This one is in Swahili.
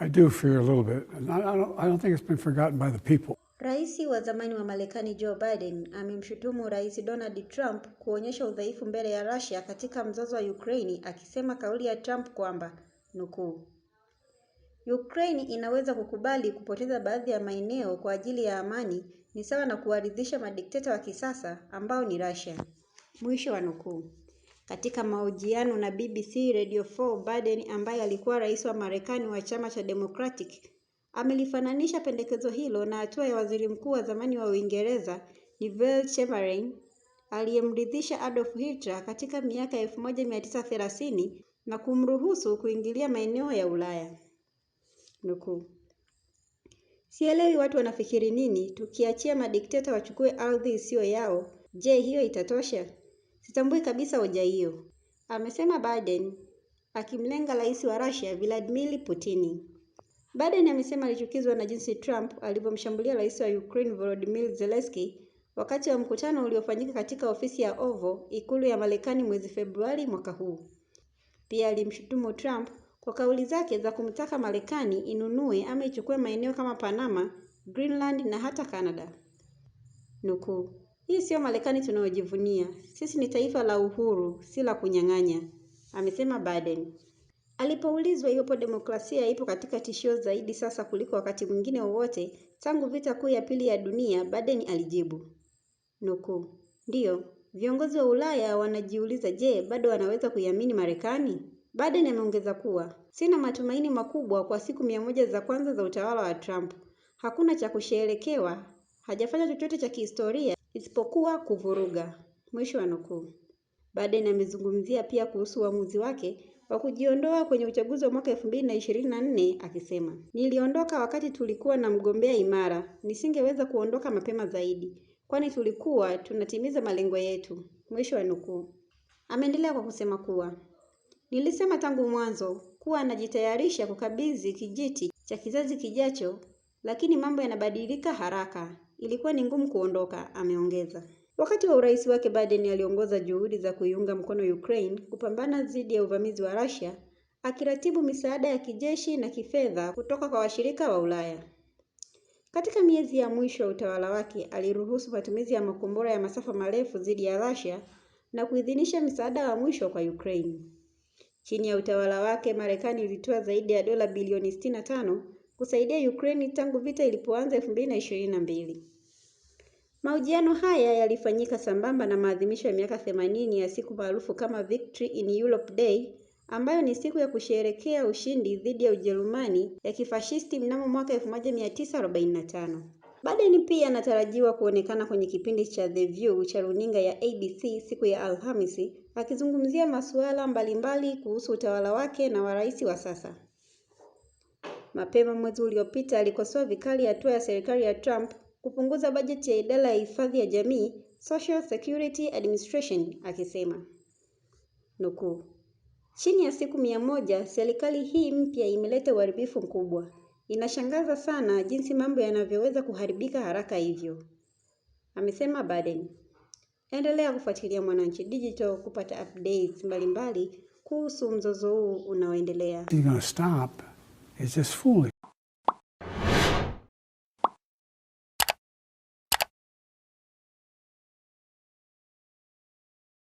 I do fear a little bit. And I, don't, I don't think it's been forgotten by the people. Rais wa zamani wa Marekani Joe Biden amemshutumu Rais Donald Trump kuonyesha udhaifu mbele ya Russia katika mzozo wa Ukraine akisema kauli ya Trump kwamba nukuu, Ukraine inaweza kukubali kupoteza baadhi ya maeneo kwa ajili ya amani ni sawa na kuwaridhisha madikteta wa kisasa ambao ni Russia. Mwisho wa nukuu. Katika mahojiano na BBC Radio 4, Biden ambaye alikuwa rais wa Marekani wa chama cha Democratic amelifananisha pendekezo hilo na hatua ya Waziri Mkuu wa zamani wa Uingereza Neville Chamberlain aliyemridhisha Adolf Hitler katika miaka 1930 na kumruhusu kuingilia maeneo ya Ulaya. Nukuu, sielewi watu wanafikiri nini, tukiachia madikteta wachukue ardhi isiyo yao. Je, hiyo itatosha? Sitambui kabisa hoja hiyo, amesema Biden akimlenga Rais wa Russia Vladimir Putin. Biden amesema alichukizwa na jinsi Trump alivyomshambulia Rais wa Ukraine Volodymyr Zelensky wakati wa mkutano uliofanyika katika ofisi ya Oval, Ikulu ya Marekani mwezi Februari mwaka huu. Pia alimshutumu Trump kwa kauli zake za kumtaka Marekani inunue ama ichukue maeneo kama Panama, Greenland na hata Canada. Nukuu, hii siyo Marekani tunayojivunia. Sisi ni taifa la uhuru, si la kunyang'anya, amesema Biden. Alipoulizwa iwapo demokrasia ipo katika tishio zaidi sasa kuliko wakati mwingine wowote tangu vita kuu ya pili ya dunia, Biden alijibu nukuu, ndiyo, viongozi wa Ulaya wanajiuliza, je, bado wanaweza kuiamini Marekani? Biden ameongeza kuwa sina matumaini makubwa kwa siku mia moja za kwanza za utawala wa Trump. Hakuna cha kusherekewa, hajafanya chochote cha kihistoria isipokuwa kuvuruga. Mwisho wa nukuu. Biden amezungumzia pia kuhusu uamuzi wake wa kujiondoa kwenye uchaguzi wa mwaka 2024 akisema, niliondoka wakati tulikuwa na mgombea imara, nisingeweza kuondoka mapema zaidi, kwani tulikuwa tunatimiza malengo yetu. Mwisho wa nukuu. Ameendelea kwa kusema kuwa nilisema tangu mwanzo kuwa anajitayarisha kukabidhi kijiti cha kizazi kijacho lakini mambo yanabadilika haraka. Ilikuwa ni ngumu kuondoka, ameongeza. Wakati wa urais wake Biden aliongoza juhudi za kuiunga mkono Ukraine kupambana dhidi ya uvamizi wa Russia, akiratibu misaada ya kijeshi na kifedha kutoka kwa washirika wa Ulaya. Katika miezi ya mwisho ya utawala wake, aliruhusu matumizi ya makombora ya masafa marefu dhidi ya Russia na kuidhinisha msaada wa mwisho kwa Ukraine. Chini ya utawala wake, Marekani ilitoa zaidi ya dola bilioni tano kusaidia Ukraine tangu vita ilipoanza 2022. Mahojiano haya yalifanyika sambamba na maadhimisho ya miaka 80 ya siku maarufu kama Victory in Europe Day ambayo ni siku ya kusherehekea ushindi dhidi ya Ujerumani ya kifashisti mnamo mwaka 1945. Biden pia anatarajiwa kuonekana kwenye kipindi cha The View cha runinga ya ABC siku ya Alhamisi akizungumzia masuala mbalimbali kuhusu utawala wake na wa rais wa sasa. Mapema mwezi uliopita alikosoa vikali hatua ya serikali ya Trump kupunguza bajeti ya idara ya hifadhi ya jamii Social Security Administration akisema nukuu, chini ya siku mia moja serikali hii mpya imeleta uharibifu mkubwa. Inashangaza sana jinsi mambo yanavyoweza kuharibika haraka hivyo, amesema Biden. Endelea kufuatilia Mwananchi Digital kupata updates mbalimbali kuhusu mzozo huu unaoendelea. It's just foolish.